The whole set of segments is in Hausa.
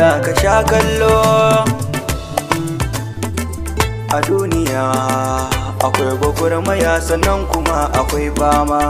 sa ka sha kallo a duniya akwai gwagwarmaya sannan kuma akwai fama.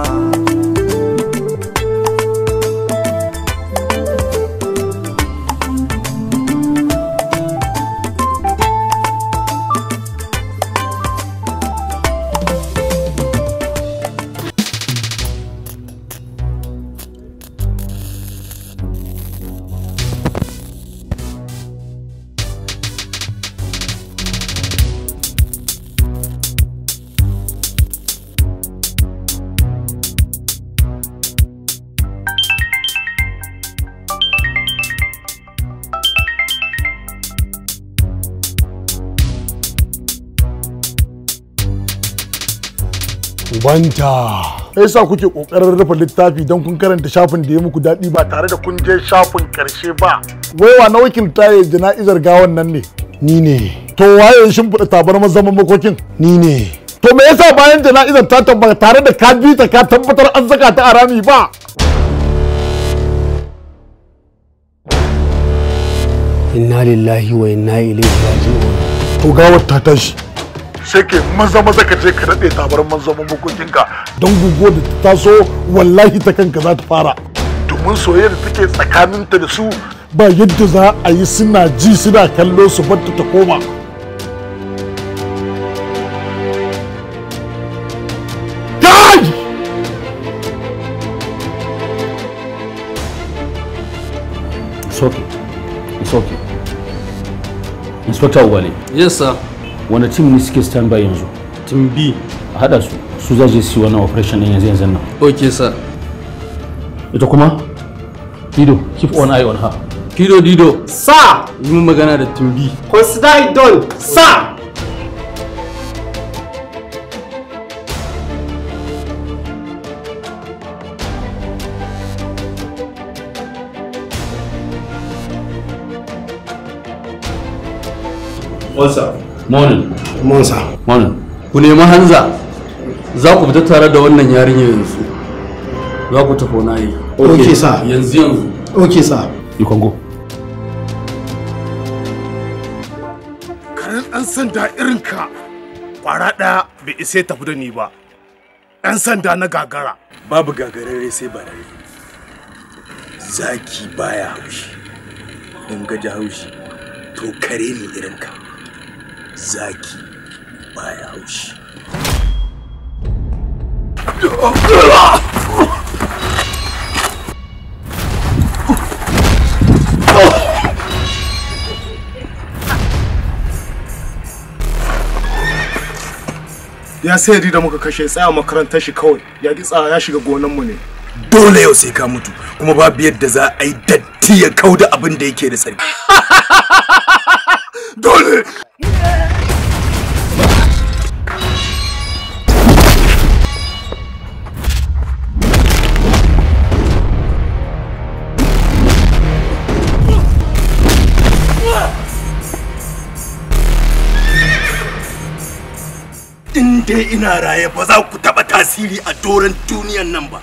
fanta. Me sa kuke kokarin rufe littafi don kun karanta shafin da ya muku daɗi ba tare da kun je shafin karshe ba? Waiwa na wakilta ya jana'izar gawan nan ne. Ni ne. To waye shimfiɗa tabarmar zaman makokin? Ni ne. To me yasa bayan jana'izar ta tabbata tare da ka bi ta ka tabbatar an saka ta a rami ba? Inna lillahi wa inna ilaihi raji'un. To gawar ta tashi. sai maza maza ka je ka daɗe tabarman zaman makokinka don guguwa da ta taso wallahi ta kanka za ta fara domin soyayya da take tsakaninta da su ba yadda za a yi suna ji suna kallo su batta ta koma It's okay. It's okay. Inspector Wally. Yes, sir. wanda tim ne suke stand by yanzu tim b a hada su su za su wannan operation din yanzu yanzu nan okay sir ita kuma dido keep one eye on her dido dido sa yi magana da tim b consider it done sa What's up? Morning. Monsa. Morning. Ku nemi hanza. Za ku fita tare da wannan yarinya yanzu. Za ku tafi na yi. Okay, sir. Yanzu yanzu. Okay, sir. You can go. Karan ɗan sanda irin ka kwara ɗaya bai isa tafi da ni ba. Ɗan sanda na gagara. Babu gagarare sai barare. Zaki baya haushi. In ga haushi to kare ni irin ka. zaki ya haushi ya sayari da muka kashe tsaya makarantar shi kawai ya ki tsaya ya shiga gonanmu ne dole yau sai ka mutu kuma babu yadda za a yi datti ya kauda abin da yake da tsari Dale! In ina raye ba za ku taɓa tasiri a doran duniyan nan ba.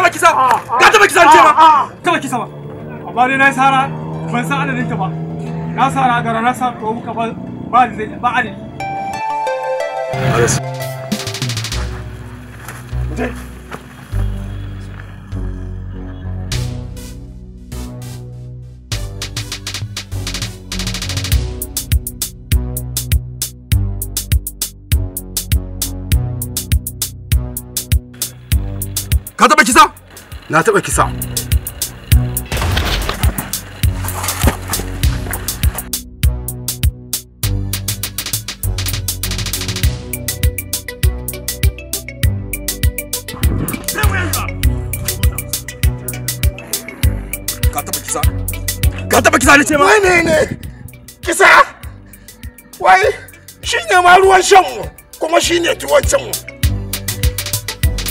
taba sa ka taba sa ce ba taba kisa ba amma dai na sara ban san adadin ta ba na sara gara na sa to muka ba ba ba adadi na taɓa kisa ka taba kisa ne ce ma? Wane ne? Kisa? Wai, shi ne ma ruwan shanmu kuma shi ne tuwon cinmu.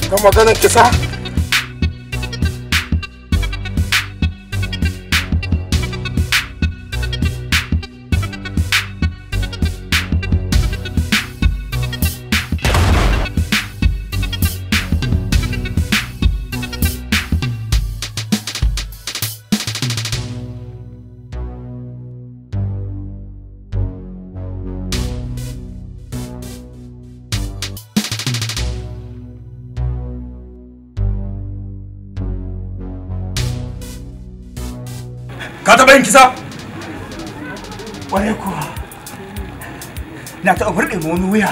Ka maganin kisa? barin kisa ƙwarai kuwa na taɓa burɗe wani wuya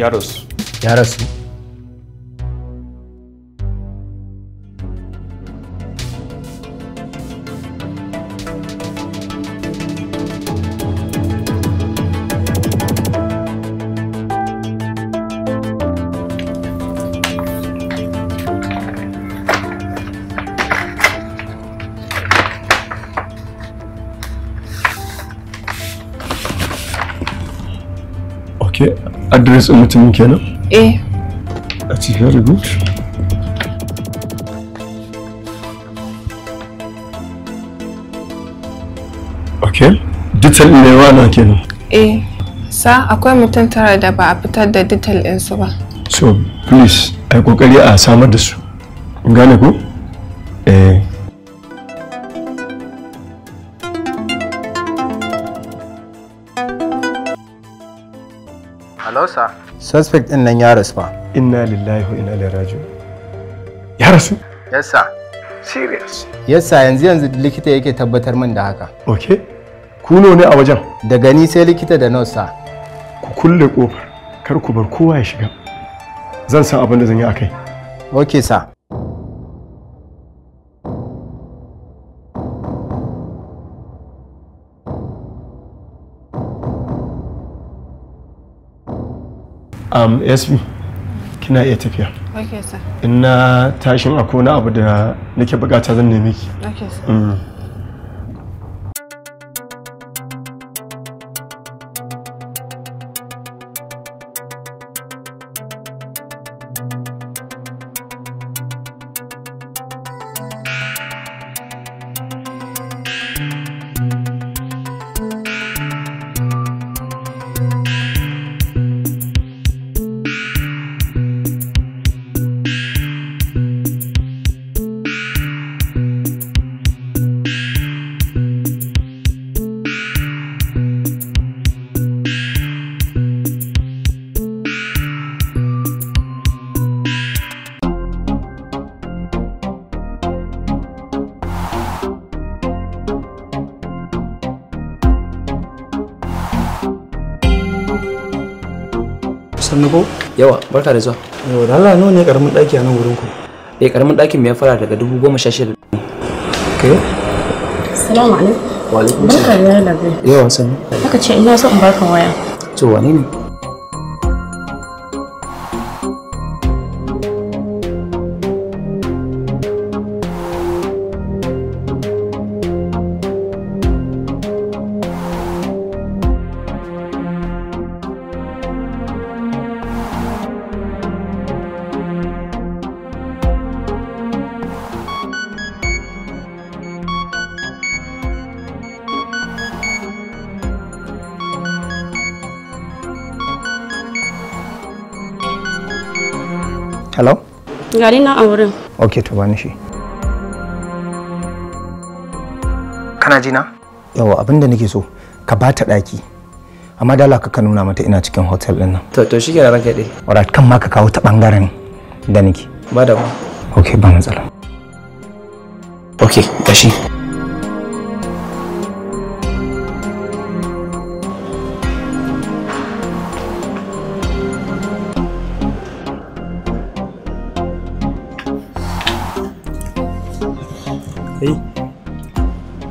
Yaros. Yaros. Adres mutumin kenan? Eh. A very good. Okay. Detail kenan? Eh. Sa akwai mutum tara da ba a fitar da detail ɗinsu ba. So, please, a yi a samar da su. Gane ko? Eh. suspect din nan ya rasu fa inna lillahi wa inna ilaihi raji'un ya rasu yes sir serious yes sir yanzu yanzu likita yake tabbatar min da haka okay kuno ne a wajen Da gani sai likita da nurse sir ku kulle kofar kar ku bar kowa ya shiga zan san abin da zan yi akai okay sir um, sb kina iya tafiya okay, ina tashin a kona abu da nake bukata zan nemi ki okay, mm. yawa barka da zuwa yawa da Allah nawa ne karamin daki a nan wurin ku eh karamin dakin ya fara daga dubu goma sha shida alaikum wa alaikum assalam barka da yawa sani haka ce ina so in baka waya to wane ne hello gani nan a wurin ok to bani shi kana ji na yawa abin da nake so ka ba ta ɗaki amma dala ka ka nuna mata ina cikin hotel ɗin nan to to shi ke ranka dai ora kan ma ka kawo ta bangaren da nake ba da ba ok ba matsala ok gashi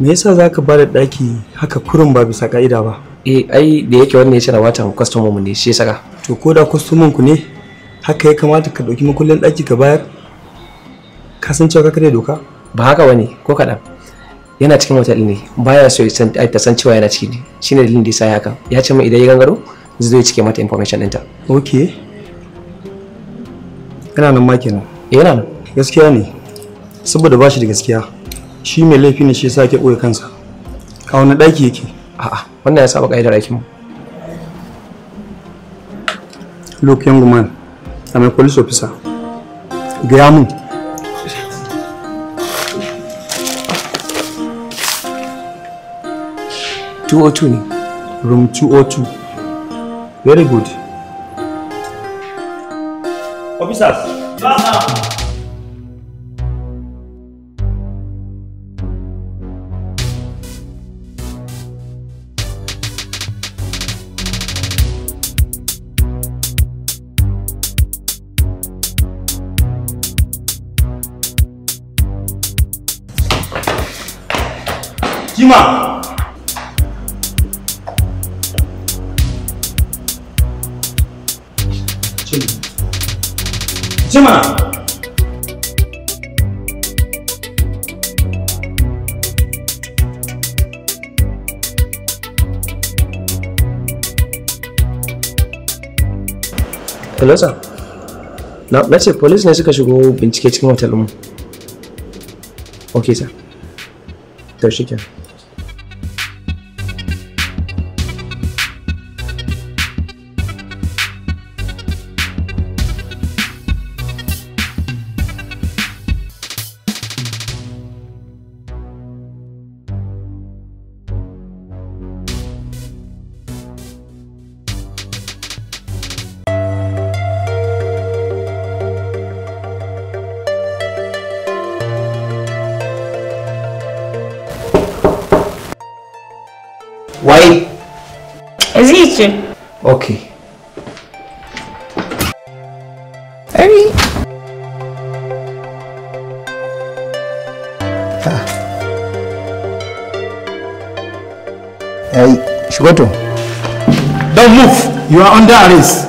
me yasa za ka bada ɗaki haka kurun ba bisa ka'ida ba eh ai da yake wannan ya ce watan kwastomin mu ne shi saka to ko da kwastomin ku ne haka ya kamata ka ɗauki makullin ɗaki ka bayar ka san cewa ka da doka ba haka bane ko kaɗan yana cikin wata ne baya so ya ta san cewa yana ciki ne shi ne dalilin da yasa ya haka ya ce min idan ya gangaro zai cike mata information ɗinta okay yana nan ma kenan eh, yana nan gaskiya ne saboda ba shi da gaskiya shi mai laifi ne shi yasa yake ɓoye kansa a wani ɗaki yake a'a wannan ya saba ƙa'idar aikin mu Luke Youngman a mai police officer gaya mun Two o oh two ne. Room two o oh two. Very good. Officers, na ce police ne suka shigo bincike cikin hotel mu okay sir to kenan ṣe. okay. ẹ̀rí. Hey, Shugoto. Don't move. You are under arrest.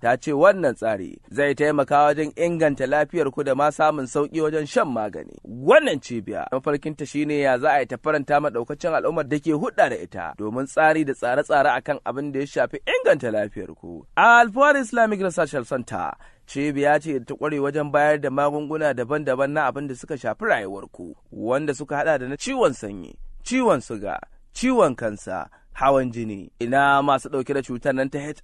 ta ce wannan tsari zai taimaka wajen inganta lafiyar ku da ma samun sauki wajen shan magani wannan cibiya mafarkinta shine ya za a yi ta faranta ma daukacin al'ummar da ke hudda da ita domin tsari da tsare-tsare akan abin da ya shafi inganta lafiyar ku alfawar islamic research center cibiya ce ta kware wajen bayar da magunguna daban-daban na abin da suka shafi rayuwarku wanda suka hada da na ciwon sanyi ciwon suga ciwon kansa hawan jini ina masu ɗauke da cutar nan ta hiv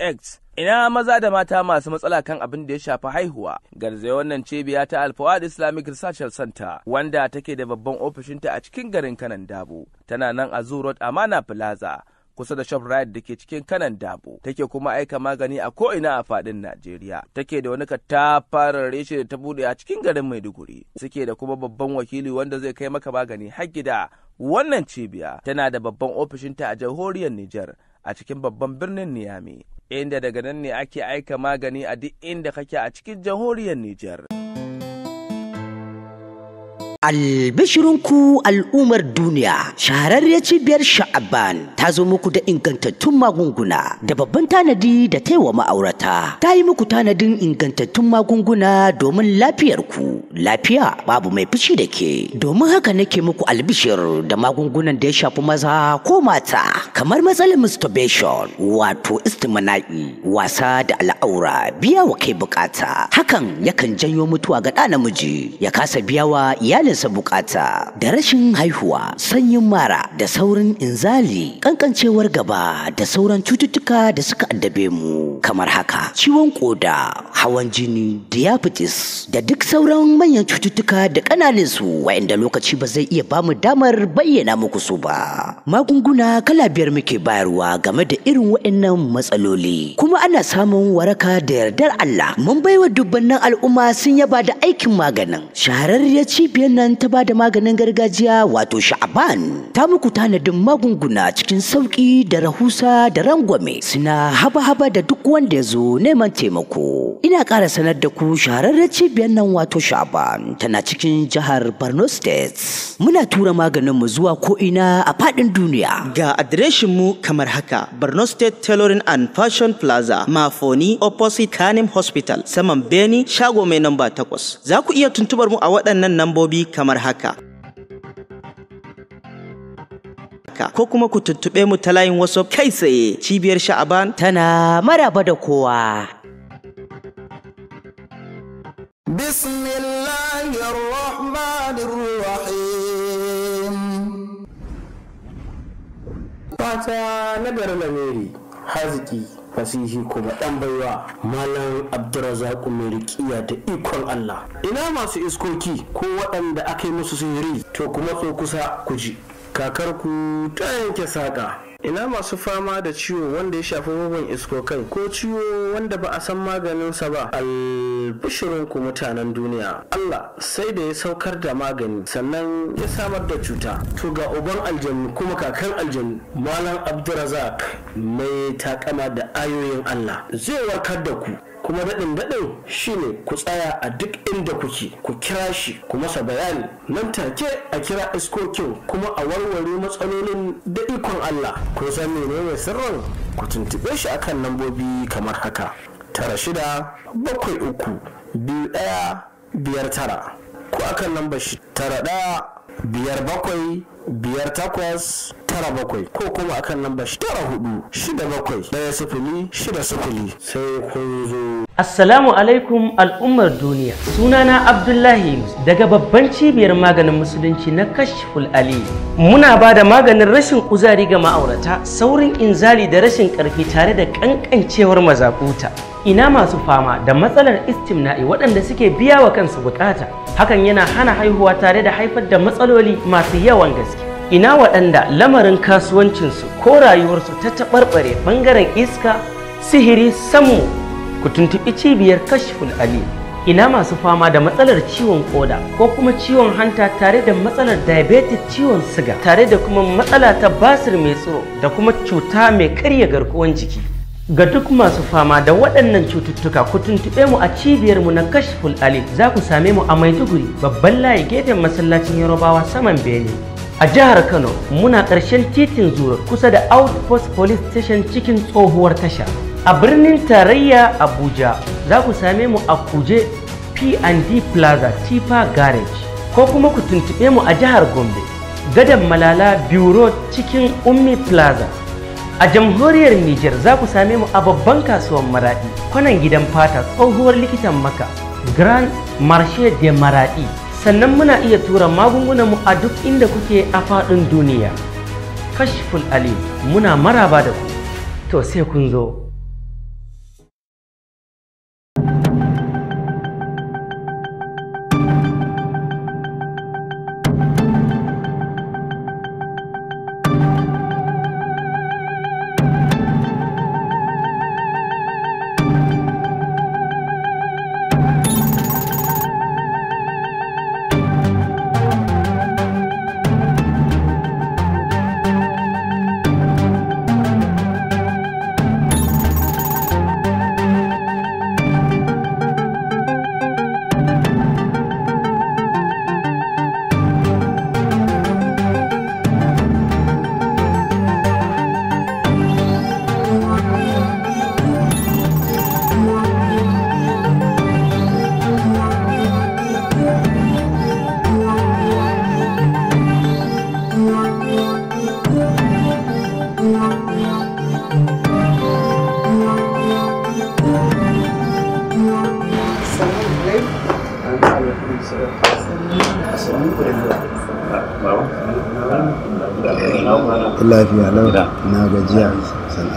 aids Ina maza da mata masu matsala kan abin da ya shafi haihuwa, garzaya wannan cibiya ta Alfawad Islamic Research Center wanda take da babban ofishinta a cikin garin Kanan Dabo, tana nan a Zoo Road Amana Plaza. kusa da shoprite da ke cikin kanan dabo take kuma aika magani a ko'ina a fadin najeriya take da wani fara reshe da ta buɗe a cikin garin maiduguri suke da kuma babban wakili wanda zai kai maka magani har gida wannan cibiya tana da babban ofishinta a jamhuriyar niger a cikin babban birnin niyami inda daga nan ne ake aika magani a duk inda kake a cikin jamhuriyar Nijar. Albishirinku al'ummar duniya shahararriyar cibiyar sha'aban ta zo muku da ingantattun magunguna da babban tanadi da taiwa ma'aurata ta yi muku tanadin ingantattun magunguna domin lafiyarku lafiya babu mai fushi da ke domin haka nake muku albishir da magungunan da ya shafi maza ko mata kamar matsalar masturbation wato istimana'i wasa da al'aura biya wa kai bukata hakan yakan janyo mutuwa ga ɗa namiji ya kasa biyawa iyalin nesa bukata da rashin haihuwa sanyin mara da saurin inzali kankancewar gaba da sauran cututtuka da suka addabe mu kamar haka ciwon koda hawan jini diabetes da duk sauran manyan cututtuka da ƙananan su wa'inda lokaci ba zai iya bamu damar bayyana muku su ba magunguna kala biyar muke bayarwa game da irin wa'innan matsaloli kuma ana samun waraka da yardar Allah mun baiwa dubbannin al'umma sun yaba da aikin maganin shahararriyar cibiyar na nan ta ba da maganin gargajiya wato sha'aban ta muku tanadin magunguna cikin sauƙi da rahusa da rangwame suna haba-haba da duk wanda ya zo neman taimako ina ƙara sanar da ku shahararren cibiyar nan wato sha'aban tana cikin jihar borno state muna tura maganin mu zuwa ko ina a faɗin duniya ga adireshin mu kamar haka borno state tailoring and fashion plaza mafoni opposite kanem hospital saman beni shago mai namba takwas za ku iya tuntubar mu a waɗannan nambobi kamar haka ko kuma ku tuttuɓe mu ta layin wasu kai tsaye cibiyar sha'aban tana maraba da kowa Bismillahirrahmanirrahim Fata na garin Lamiri, haziki fasihi kuma dan baiwa malam abdurrazak mai riƙiya da ikon allah ina masu iskoki ko waɗanda aka yi musu sihiri to kuma tso kusa ku ji kakarku ta yanke saƙa ina masu fama da ciwo wanda ya shafi bugun iskokai ko ciwo wanda ba a san maganin sa ba albishirinku mutanen duniya Allah sai da ya saukar da magani sannan ya samar da cuta to ga uban aljanu kuma kakan aljanu malam abdurazak mai takama da ayoyin Allah zai warkar da ku kuma daɗin daɗin shine ku tsaya a duk inda kuke ku kira shi ku masa bayani nan take a kira iskokin kuma a warware matsalolin da ikon Allah ko san menene sirrin ku tuntube shi akan lambobi kamar haka tara shida bakwai uku biyu ɗaya biyar tara ko akan lambar shi tara ɗaya biyar bakwai biyar takwas tara bakwai ko kuma akan lambar tara hudu shida bakwai daya sifili shida sifili sai kun zo. Assalamu alaikum al'ummar duniya sunana Abdullahi daga babban cibiyar maganin musulunci na Kashful Ali muna ba da maganin rashin kuzari ga ma'aurata saurin inzali da rashin karfi tare da kankancewar mazakuta. ina masu fama da matsalar istimna'i waɗanda suke biya wa kansu bukata hakan yana hana haihuwa tare da haifar da matsaloli masu yawan gaske ina waɗanda lamarin kasuwancinsu ko rayuwarsu ta taɓarɓare ɓangaren iska sihiri samu, ku tuntuɓi cibiyar kashful ali ina masu fama da matsalar ciwon koda ko kuma ciwon hanta tare da matsalar diabetes ciwon siga tare da kuma matsala ta basir mai tsoro da kuma cuta mai karya garkuwan jiki Ga duk masu fama da waɗannan cututtuka ku tuntuɓe mu a cibiyar mu na Kashful Ali za ku same mu a Maiduguri babban layi gefen masallacin Yarobawa saman Bene. A jihar Kano muna ƙarshen titin zoro kusa da Outpost Police Station cikin tsohuwar tasha. A birnin tarayya Abuja za ku same mu a Kuje P&D Plaza Tifa Garage ko kuma ku tuntuɓe mu a jihar Gombe. Gadon Malala Bureau cikin Ummi Plaza. A jamhuriyar Nijar za ku same mu a babban kasuwar Maraɗi, kwanan gidan fata tsohuwar likitan maka, Grand Marshal de Maraɗi. Sannan muna iya tura magungunan mu a duk inda kuke a faɗin duniya. Kashful Ali muna maraba da ku, to sai kun zo.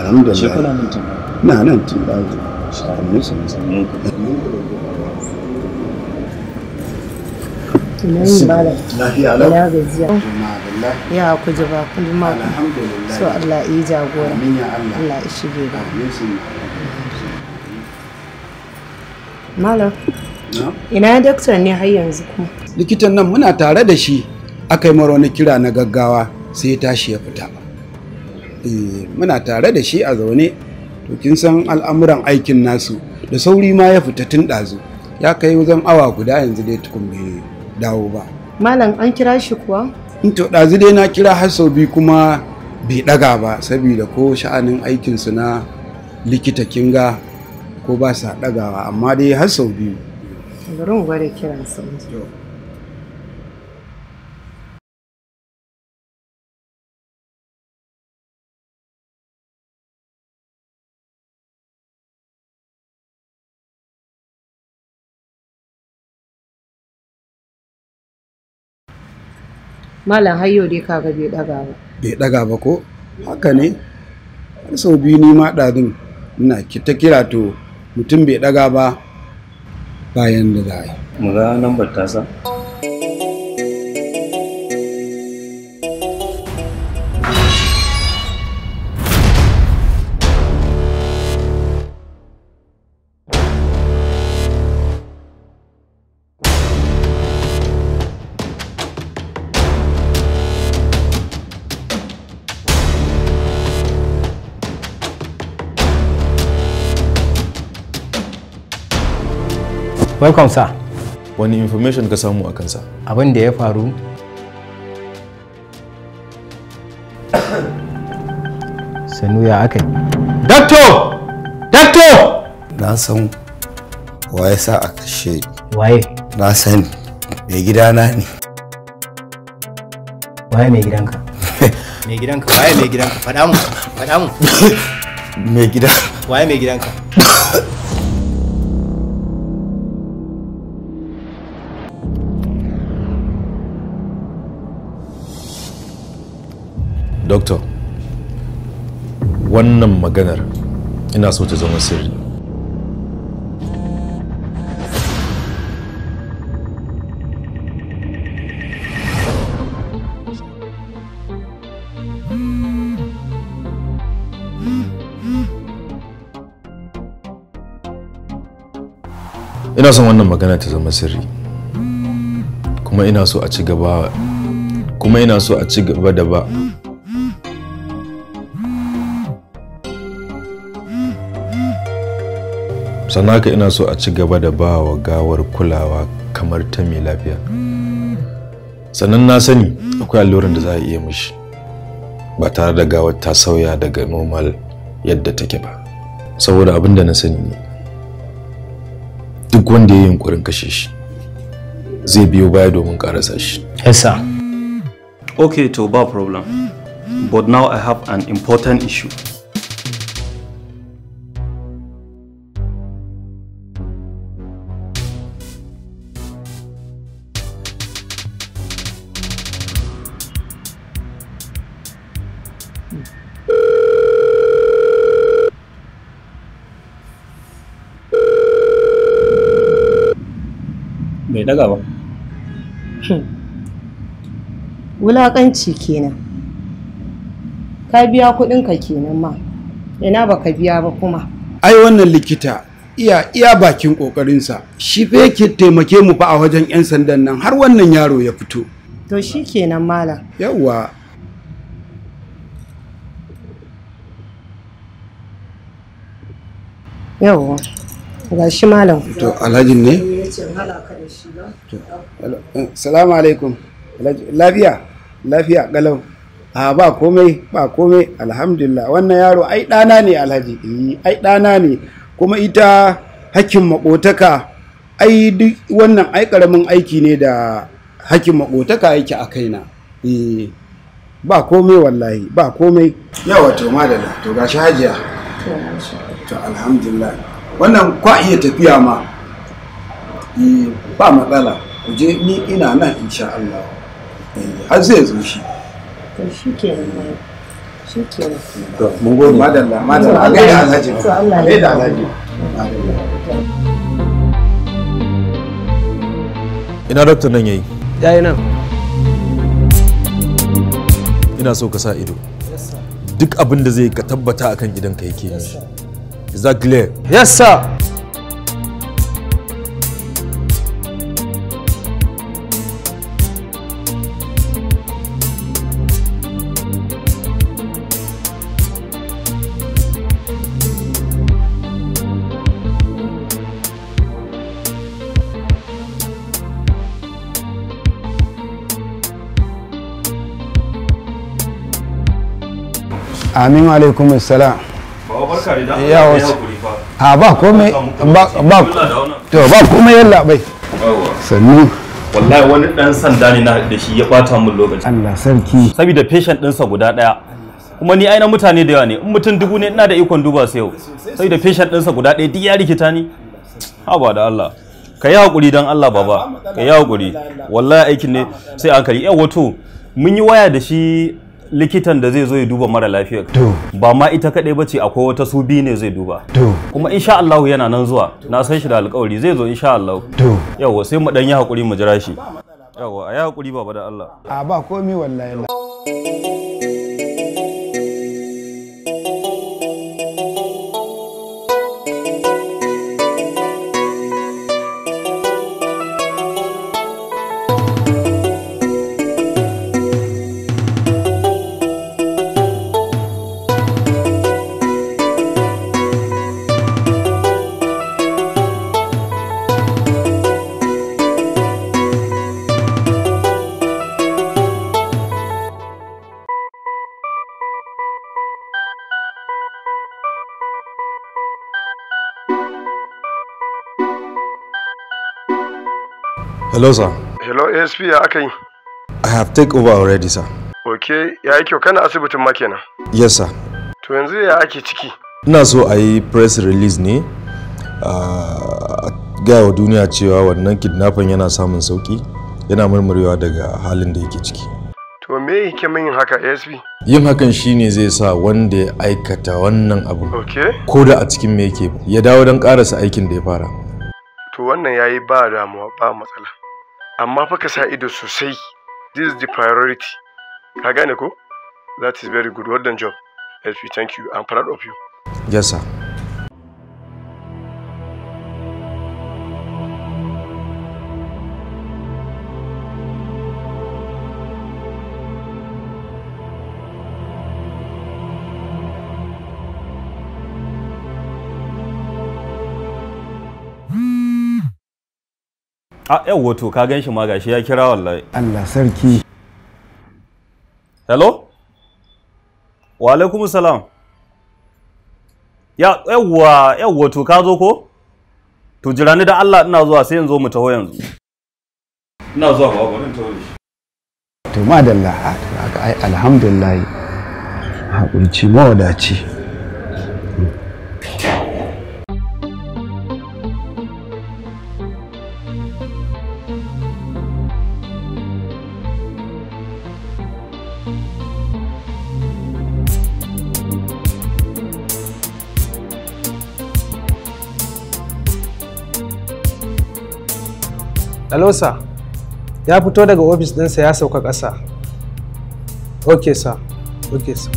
alhamdulillah shi kuna nan tun na nan tun da ku sannu sannu tunayi malam lafiya gajiya ya ku ji ba kullum ma so Allah yi jagora Allah ya shige ba malam ina daktar ne har yanzu kuma likitan nan muna tare da shi aka yi mara wani kira na gaggawa sai ya tashi ya fita Eh, muna tare da shi a zaune to kin san al'amuran aikin nasu da sauri ma ya fita tun ɗazu ya kai wajen awa guda yanzu dai tukun bai dawo ba malam an kira shi kuwa in to ɗazu dai na kira har sau biyu kuma bai ɗaga ba saboda ko sha'anin aikinsu na likita kinga ko ba sa ɗagawa amma dai har sau biyu garin kiransa malam hayo dai kaga bai daga ba bai daga ba ko haka ne sau biyu ni ma ɗazin ina ta kira to mutum bai daga ba bayan da za a yi mu ga nan tasa welcome sir wani information ka samu a kansa abin da ya faru sanu ya aka yi doctor doctor na san waye sa a kashe waye na sani mai gidana ne waye mai gidanka mai gidanka waye mai gidanka faɗa mu faɗa mu mai gida waye mai gidanka doctor wannan maganar ina so ta zama sirri ina son wannan magana ta zama sirri kuma ina so a ci gaba kuma ina so a ci gaba da ba sanaka ina so a ci gaba da ba wa gawar kulawa kamar ta mai lafiya sannan na sani akwai alluran da za a iya mishi ba tare da gawar ta sauya daga normal yadda take ba saboda abin da na sani ne duk wanda ya yi yunkurin kashe shi zai biyo baya domin karasa shi yasa okay to ba problem but now i have an important issue wulaƙanci kenan ka biya kuɗinka kenan ma ina baka biya ba kuma ai wannan likita iya iya bakin ƙoƙarinsa shi fa yake taimake mu fa a wajen 'yan sandan nan har wannan yaro ya fito to shi kenan malam yawwa yawwa ga shi malam to alhajin ne salamu alaikum lafiya lafiya kalau a ba komai ba komai alhamdulillah wannan yaro ai ɗana ne alhaji eh, ai ɗana ne kuma ita hakkin maƙotaka ai duk wannan ai karamin aiki ne da hakkin maƙotaka yake a kaina eh, ba komai wallahi ba komai yawa to madalla to gashi hajiya to alhamdulillah wannan kwa iya tafiya ma eh, ba matsala ku je ni ina nan insha Allah har zai zo shi shi shi alhaji ina doktor nan yayi yayi nan ina so ka sa ido duk abin da zai ka tabbata akan gidanka yake yi is that clear yes sir amin alaikum assalam yawa a ah, ba komai ba to ba komai yalla bai sannu wallahi wani dan sanda ne na da shi ya bata min lokaci Allah sarki saboda patient ɗinsa guda daya kuma ni aina mutane da yawa ne in mutum dubu ne ina da ikon duba su yau saboda patient ɗinsa guda daya duk ya rikita ni haba da Allah ka yi hakuri don Allah baba ka yi hakuri wallahi aikin ne sai an kari yawa to mun yi waya da shi likitan da zai zo ya duba mara lafiyar ba ma ita kadai ba ce akwai wata su biyu ne zai duba kuma insha Allah yana nan zuwa na san shi da alƙawari zai zo insha Allah yawa sai mu dan yi hakuri mu jira shi yawa a yi hakuri baba da Allah a ba komai wallahi Hello, sir. Hello, ASP ya aka yi? I have take over already, sir. Okay. ya yi kyau kana asibitin ma kenan? Yes, sir. To yanzu ya ake ciki? Ina so a yi press release ne a gaya wa duniya cewa wannan kidnapping yana samun sauki yana murmurewa daga halin da yake ciki. To me hikimin yin haka ASP? Yin hakan shine zai sa wanda ya aikata wannan abu. Okay. Ko da a cikin me yake ya dawo don karasa aikin da ya fara. To wannan yayi ba damuwa ba matsala. amma fa ka sa ido sosai this is the priority ka gane ko that is very good well done job help you thank you i'm proud of you yes sir a yan wato ka gan shi ma gashi ya kira wallahi Allah sarki hello wa alaikum salam ya yawwa yawwa to ka zo ko to jira ni da Allah ina zuwa sai yanzu mu taho yanzu ina zuwa ba gwanin taho shi to madalla alhamdulillah haƙurci mawadaci hello ya fito daga ofis ɗinsa ya sauka ƙasa Okay, sir Okay, sir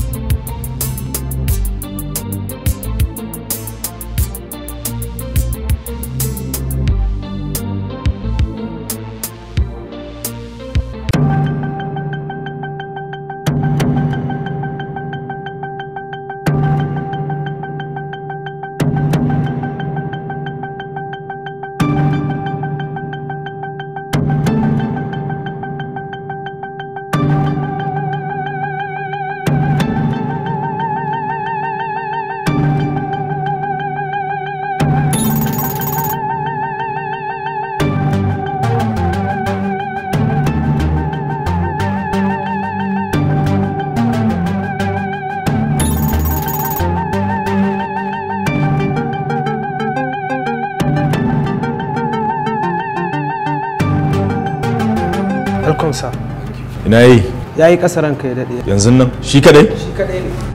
na yi ya yi kasaran ranka ya daɗe yanzu nan shi kadai shi kadai ne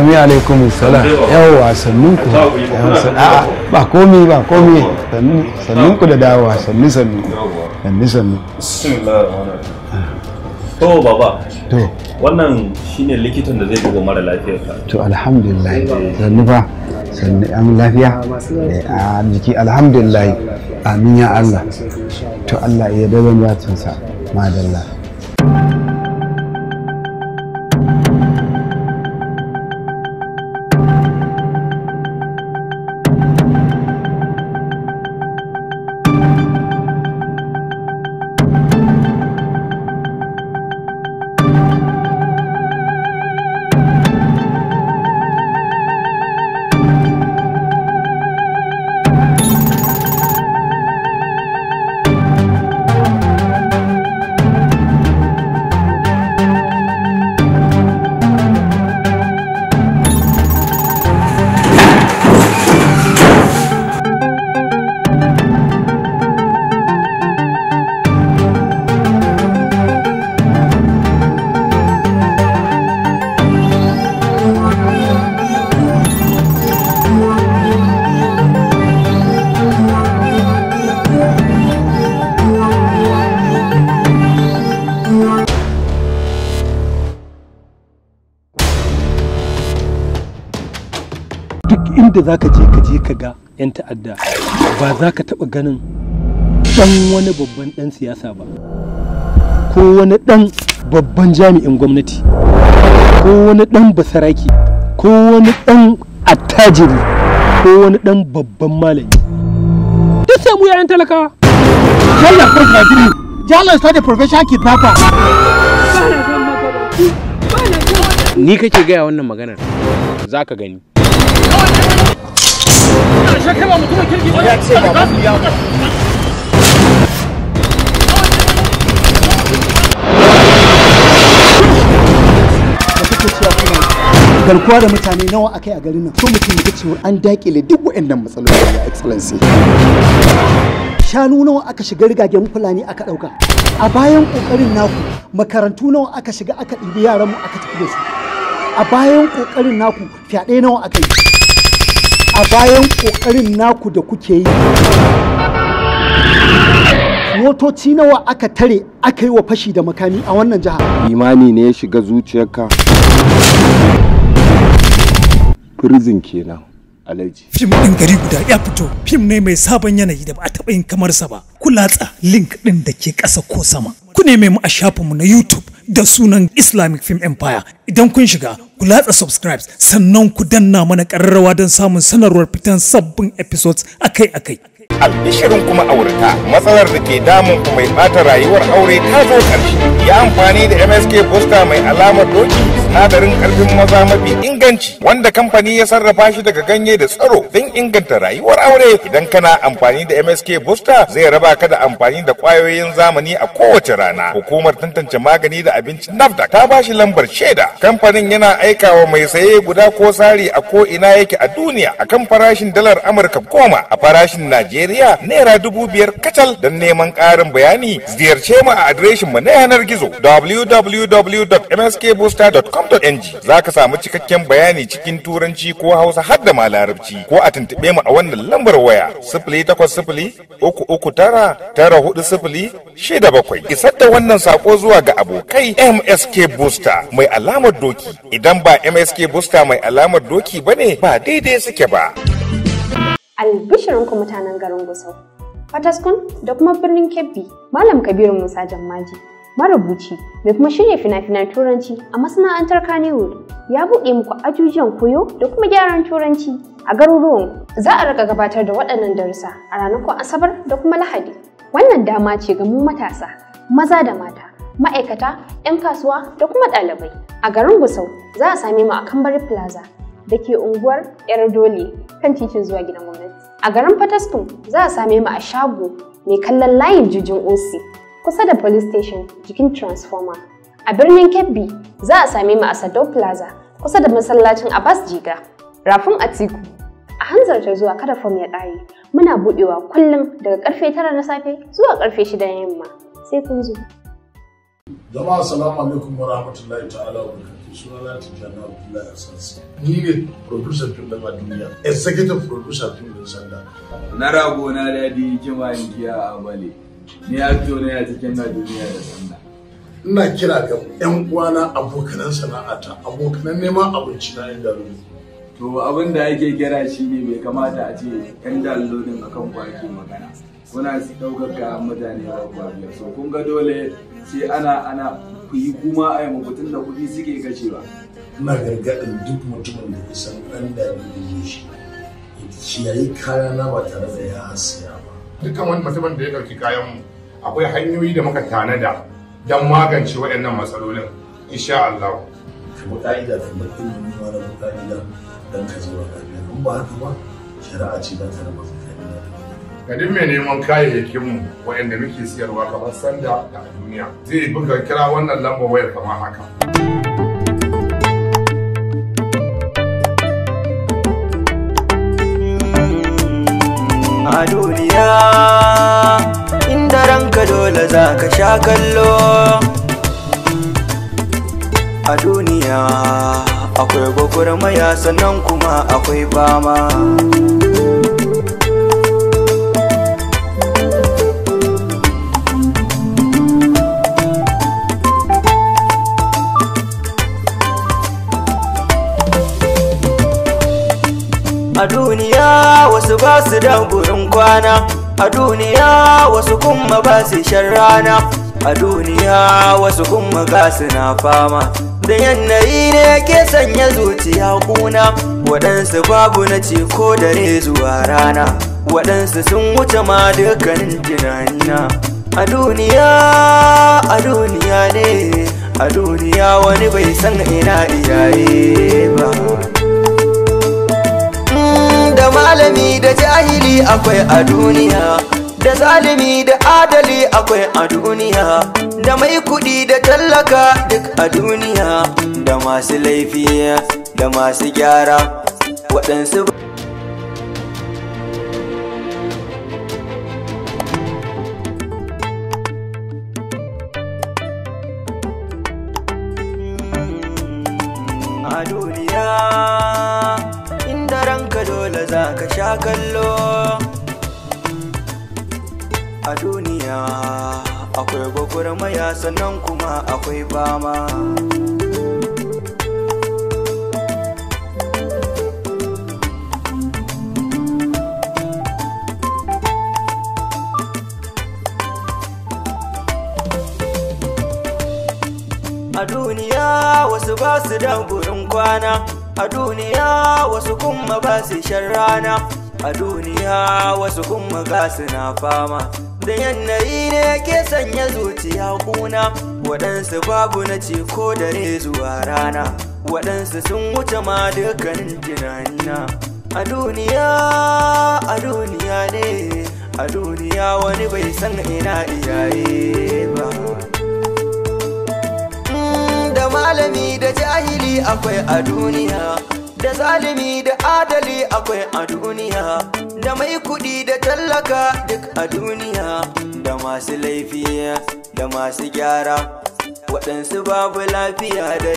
amin alaikum salam yawwa sannun ku a ba komi ba komi Sannunku ku da dawowa sannu sannu sannu sannu to baba to wannan shine likitan da zai duba mara lafiyarka. to alhamdulillah sannu ba. sannu an lafiya eh, a jiki alhamdulillah amin ya Allah to Allah ya dazan zatin sa madalla inda za ka je ka je ka ga 'yan ta'adda ba za ka taɓa ganin ɗan wani babban ɗan siyasa ba ko wani ɗan babban jami'in gwamnati ko wani ɗan basaraki ko wani ɗan attajiri ko wani ɗan babban malami duk sai mu yayin talakawa yalla ko gadi jalo is not a professional kidnapper ni kake gaya wannan maganar za ka gani shi kai ba mutumin kirki ba ya ce ba ba ya garkuwa da mutane nawa akai a garin nan so mutum ya cewa an dakile duk waɗannan matsaloli ya excellency shanu nawa aka shiga rigagen fulani aka ɗauka a bayan ƙoƙarin naku makarantu nawa aka shiga aka ɗibi yaranmu aka tafi da su a bayan ƙoƙarin naku fyaɗe nawa aka yi a bayan ƙoƙarin naku da kuke yi motoci nawa aka tare aka yi wa fashi da makami a wannan jihar? imani ne ya shiga zuciyarka prison kenan alaji fim din gari guda ya fito fim ne mai sabon yanayi da ba a taɓa yin kamar sa ba Kulatsa link din da ke ƙasa ko sama ku neme mu a shafinmu na youtube da sunan islamic film empire idan kun shiga ku latsa subscribes sannan ku danna mana ƙararrawa don samun sanarwar fitan sabbin episodes akai-akai albishirin kuma aurata matsalar da ke damun ku mai bata rayuwar aure ta zo ƙarshe ya amfani da msk posta mai alamar doki sinadarin karfin maza mafi inganci wanda kamfani ya sarrafa shi daga ganye da tsaro don inganta rayuwar aure idan kana amfani da msk booster zai raba ka da amfani da kwayoyin zamani a kowace rana hukumar tantance magani da abinci nafda ta ba shi lambar shaida kamfanin yana aika wa mai saye guda ko sari a ko ina yake a duniya akan farashin dalar amurka goma a farashin najeriya Najeriya naira dubu biyar kacal don neman ƙarin bayani ziyarce mu a adireshin mu na yanar gizo www.mskbooster.com.ng za ka samu cikakken bayani cikin turanci ko hausa har da malarabci ko a tuntuɓe mu a wannan lambar waya sifili takwas sifili uku uku tara tara hudu sifili shida bakwai isar da wannan sako zuwa ga abokai MSK Booster mai alamar doki idan ba MSK Booster mai alamar doki bane ba daidai suke ba. ku mutanen garin Gusau. Fataskun da kuma birnin Kebbi, Malam Kabiru Musa Jammaji, marubuci mai kuma shirya fina-finan Turanci a masana'antar Kannywood ya buɗe muku ajujuwan koyo da kuma gyaran Turanci a garuruwan za a raka gabatar da waɗannan darussa a ranakun Asabar da kuma Lahadi. Wannan dama ce ga mu matasa, maza da mata, ma'aikata, 'yan kasuwa da kuma ɗalibai. A garin Gusau za a same mu a Kambari Plaza da ke unguwar dole kan titin zuwa gidan gwamnati. A garin Fataskum za a same mu a shago mai kallon layin jujin OC kusa da police station jikin transformer. A birnin Kebbi za a same mu a Sado Plaza kusa da masallacin Abbas Jiga. Rafin Atiku a hanzarta zuwa kada fom ya ƙare muna buɗewa kullum daga ƙarfe tara na safe zuwa karfe shida na yamma sai kun zo. Jama'a salamu alaikum wa rahmatullahi ta'ala wa sunana tijjana abdullahi asansi ni ne producer fim da a duniya executive producer fim din sanda na rago na dadi jima giya a bale ni acto ne a cikin na duniya da sanda ina kira ga yan uwana abokanan sana'ata abokanan neman abinci na yan garin to abin da ake kira shi ne bai kamata a ce yan dalilolin akan kwaki magana kuna ɗaukar ga mutane ba kwafi so kun ga dole sai ana ana ku yi kuma a yi mabutun da kuɗi suke gashewa. ina gargaɗin duk mutumin da ya san ɗan da ya shi shi ya yi kaya na ba tare da ya siya ba. dukkan wani mutumin da ya ɗauki kayan mu akwai hanyoyi da muka tanada don magance waɗannan matsalolin insha Allah. ka bi ka'ida ka bi ilimi ma da bi don ka zama lafiya kuma ba haka ba shari'a ce ba ta raba Kadin mai neman kayayyakin mu waɗanda muke siyarwa kamar sanda da duniya zai buga kira wannan lamba wayar kamar haka a duniya inda ranka dole za ka sha kallo a duniya akwai gwagwarmaya sannan kuma akwai bama a duniya wasu ba su da kwana a duniya wasu kuma ba su shan rana a duniya wasu kuma ga su na fama da yanayi ne ke sanya zuciya kuna waɗansu babu na ce ko dare zuwa rana waɗansu sun wuce ma dukkanin tunanina a duniya a duniya ne a duniya wani bai san ina iyaye ba malami da jahili akwai a duniya da zalimi da adali akwai a duniya da mai kudi da tallaka duk a duniya da masu laifi da masu gyara waɗansu a duniya za ka sha kallo a duniya akwai gwagwarmaya sannan kuma akwai bama a duniya wasu ba su da gurin kwana a duniya wasu kuma ba su shan rana a duniya wasu kuma ga su na fama da yanayi ne ke sanya zuciya kuna waɗansu babu na ce ko dare zuwa rana waɗansu sun wuce ma dukkanin tunanina a duniya a duniya ne a duniya wani bai san ina iyaye ba malami da jahili akwai a duniya da zalimi da adali akwai a duniya da mai kudi da tallaka duk a duniya da masu laifi da masu gyara waɗansu babu lafiya da